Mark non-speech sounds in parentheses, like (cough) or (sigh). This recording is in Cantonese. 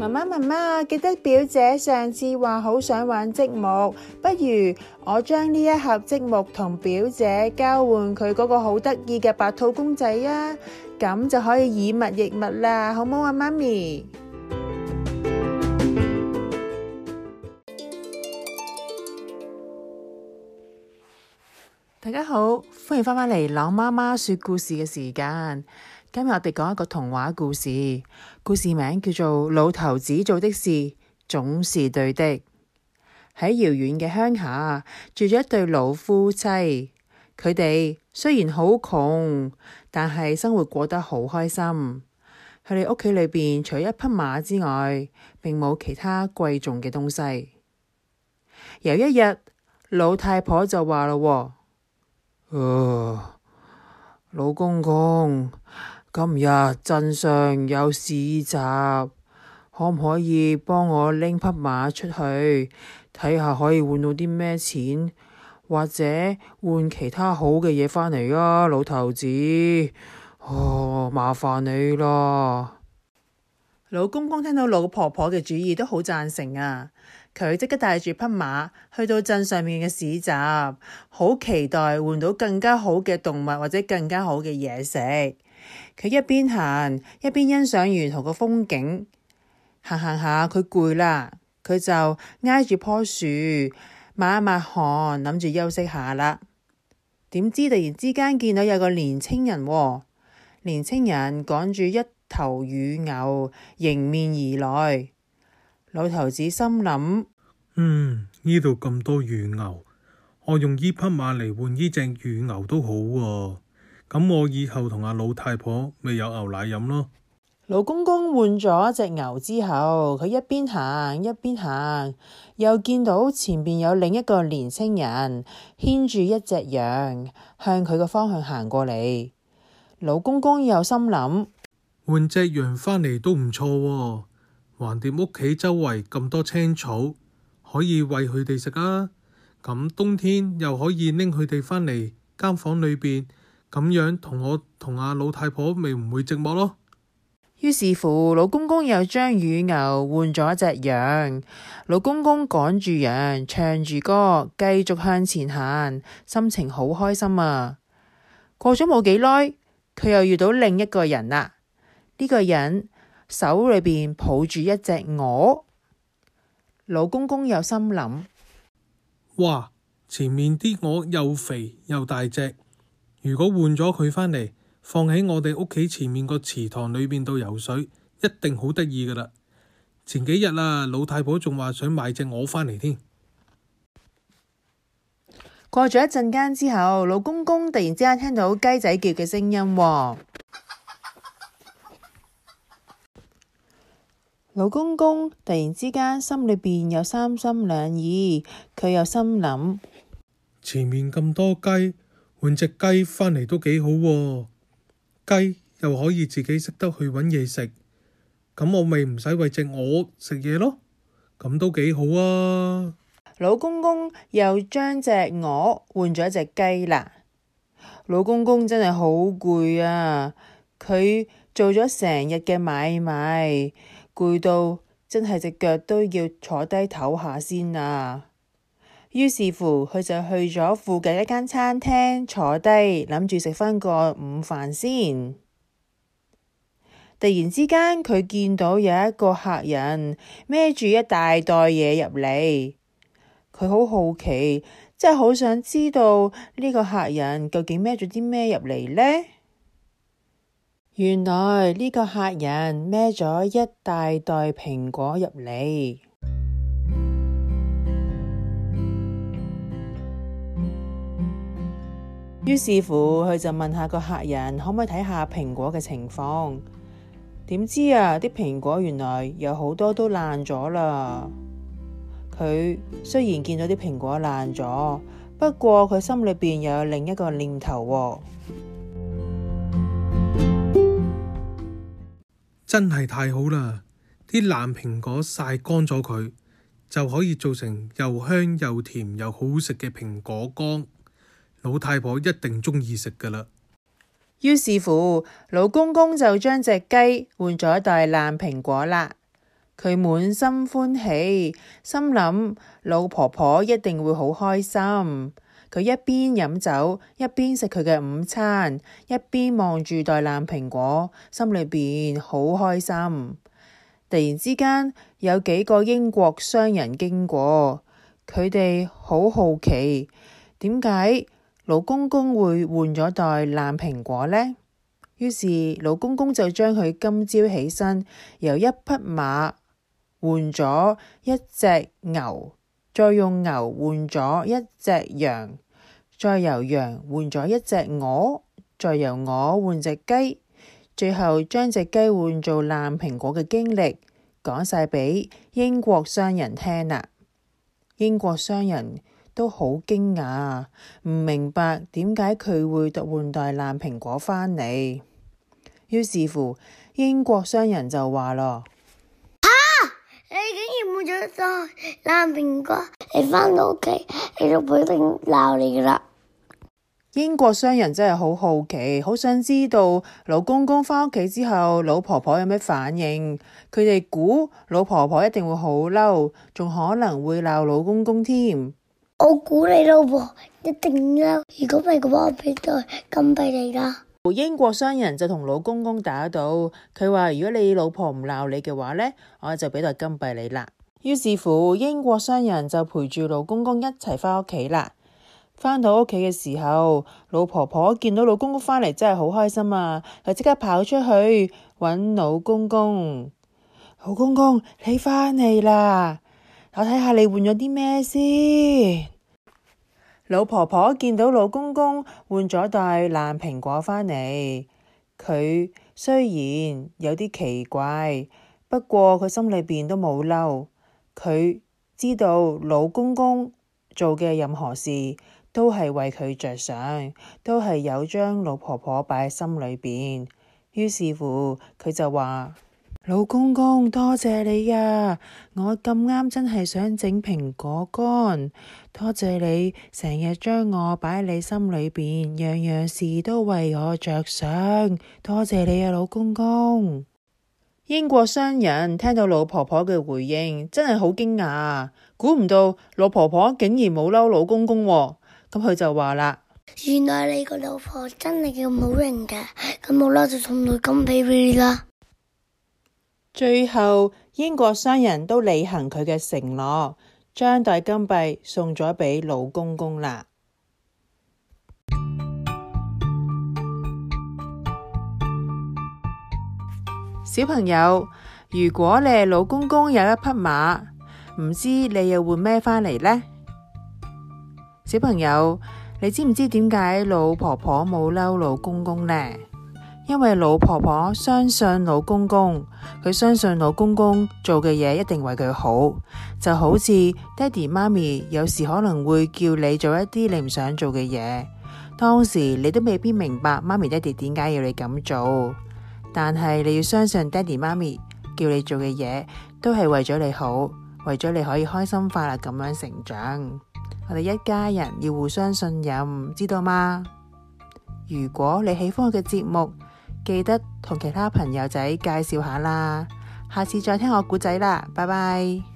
媽媽媽媽，記得表姐上次話好想玩積木，不如我將呢一盒積木同表姐交換佢嗰個好得意嘅白兔公仔啊，咁就可以以物易物啦，好唔好啊，媽咪？大家好，歡迎返返嚟朗媽媽說故事嘅時間。今日我哋講一個童話故事，故事名叫做《老頭子做的事總是對的》。喺遙遠嘅鄉下住咗一對老夫妻，佢哋雖然好窮，但係生活過得好開心。佢哋屋企裏邊除一匹馬之外，並冇其他貴重嘅東西。有一日，老太婆就話咯、哦呃：老公公。今日鎮上有市集，可唔可以幫我拎匹馬出去睇下，可以換到啲咩錢，或者換其他好嘅嘢返嚟啊？老頭子，哦，麻煩你咯。老公公聽到老婆婆嘅主意都好贊成啊。佢即刻帶住匹馬去到鎮上面嘅市集，好期待換到更加好嘅動物或者更加好嘅嘢食。佢一邊行一邊欣賞沿途嘅風景，行行下佢攰啦，佢就挨住棵樹抹一抹汗，諗住休息下啦。點知突然之間見到有個年青人，哦，年青人趕住一頭乳牛迎面而來，老頭子心諗：嗯，呢度咁多乳牛，我用呢匹馬嚟換呢隻乳牛都好啊。咁我以後同阿老太婆咪有牛奶飲咯。老公公換咗一隻牛之後，佢一邊行一邊行，又見到前邊有另一個年青人牽住一隻羊向佢個方向行過嚟。老公公又心諗，換隻羊返嚟都唔錯喎，橫掂屋企周圍咁多青草可以餵佢哋食啦。咁冬天又可以拎佢哋返嚟間房裏邊。咁樣同我同阿老太婆咪唔會寂寞咯？於是乎，老公公又將乳牛換咗一隻羊。老公公趕住羊，唱住歌，繼續向前行，心情好開心啊！過咗冇幾耐，佢又遇到另一個人啦。呢個人手裏邊抱住一隻鵝。老公公有心諗：哇，前面啲鵝又肥又大隻。如果換咗佢返嚟，放喺我哋屋企前面個池塘裏邊度游水，一定好得意噶啦！前幾日啦、啊，老太婆仲話想買隻鵝返嚟添。過咗一陣間之後，老公公突然之間聽到雞仔叫嘅聲音、哦。 (laughs) 老公公突然之間心裏邊有三心兩意，佢又心諗：前面咁多雞。換隻雞返嚟都幾好喎、啊，雞又可以自己識得去揾嘢食，咁我咪唔使餵隻鵝食嘢咯，咁都幾好啊！老公公又將隻鵝換咗一隻雞啦。老公公真係好攰啊，佢做咗成日嘅買賣，攰到真係隻腳都要坐低唞下先啊！於是乎，佢就去咗附近一間餐廳坐低，諗住食返個午飯先。突然之間，佢見到有一個客人孭住一大袋嘢入嚟，佢好好奇，真係好想知道呢個客人究竟孭咗啲咩入嚟呢？原來呢個客人孭咗一大袋蘋果入嚟。於是乎，佢就問下個客人可唔可以睇下蘋果嘅情況。點知啊，啲蘋果原來有好多都爛咗啦。佢雖然見到啲蘋果爛咗，不過佢心裏邊又有另一個念頭喎、哦。真係太好啦！啲爛蘋果曬乾咗，佢就可以做成又香又甜又好食嘅蘋果乾。老太婆一定鍾意食噶啦。於是乎，老公公就將隻雞換咗袋爛蘋果啦。佢滿心歡喜，心諗老婆婆一定會好開心。佢一邊飲酒，一邊食佢嘅午餐，一邊望住袋爛蘋果，心裏邊好開心。突然之間，有幾個英國商人經過，佢哋好好奇點解？老公公會換咗袋爛蘋果呢？於是老公公就將佢今朝起身由一匹馬換咗一隻牛，再用牛換咗一隻羊，再由羊換咗一隻鵝，再由鵝換隻雞，最後將隻雞換做爛蘋果嘅經歷講晒畀英國商人聽啦。英國商人。都好驚訝，唔明白點解佢會換袋爛蘋果返嚟。於是乎，英國商人就話咯，啊，你竟然冇咗袋爛蘋果，你翻到屋企，你就不一定鬧你啦！英國商人真係好好奇，好想知道老公公返屋企之後，老婆婆有咩反應。佢哋估老婆婆一定會好嬲，仲可能會鬧老公公添。我估你老婆一定嬲，如果唔係嘅話，我俾袋金幣你啦。英國商人就同老公公打賭，佢話如果你老婆唔鬧你嘅話呢，我就俾袋金幣你啦。於是乎，英國商人就陪住老公公一齊返屋企啦。返到屋企嘅時候，老婆婆見到老公公返嚟，真係好開心啊！就即刻跑出去揾老公公，老公公你返嚟啦！我睇下你換咗啲咩先。老婆婆見到老公公換咗袋爛蘋果返嚟，佢雖然有啲奇怪，不過佢心裏邊都冇嬲。佢知道老公公做嘅任何事都係為佢着想，都係有將老婆婆擺喺心裏邊。於是乎，佢就話。老公公多謝你呀！我咁啱真係想整蘋果乾，多謝你成日將我擺喺你,你心裏邊，樣樣事都為我着想，多謝你呀、啊，老公公！英國商人聽到老婆婆嘅回應，真係好驚訝，估唔到老婆婆竟然冇嬲老公公、啊，咁佢就話啦：，原來你個老婆真係叫好人嘅，咁冇嬲就重禮金俾你啦！最後，英國商人都履行佢嘅承諾，將袋金幣送咗俾老公公啦。小朋友，如果你係老公公有一匹馬，唔知你又換咩返嚟呢？小朋友，你知唔知點解老婆婆冇嬲老公公呢？因為老婆婆相信老公公，佢相信老公公做嘅嘢一定為佢好，就好似爹哋媽咪有時可能會叫你做一啲你唔想做嘅嘢，當時你都未必明白媽咪爹哋點解要你咁做，但係你要相信爹哋媽咪叫你做嘅嘢都係為咗你好，為咗你可以開心快樂咁樣成長。我哋一家人要互相信任，知道嗎？如果你喜歡我嘅節目，記得同其他朋友仔介紹下啦，下次再聽我故仔啦，拜拜。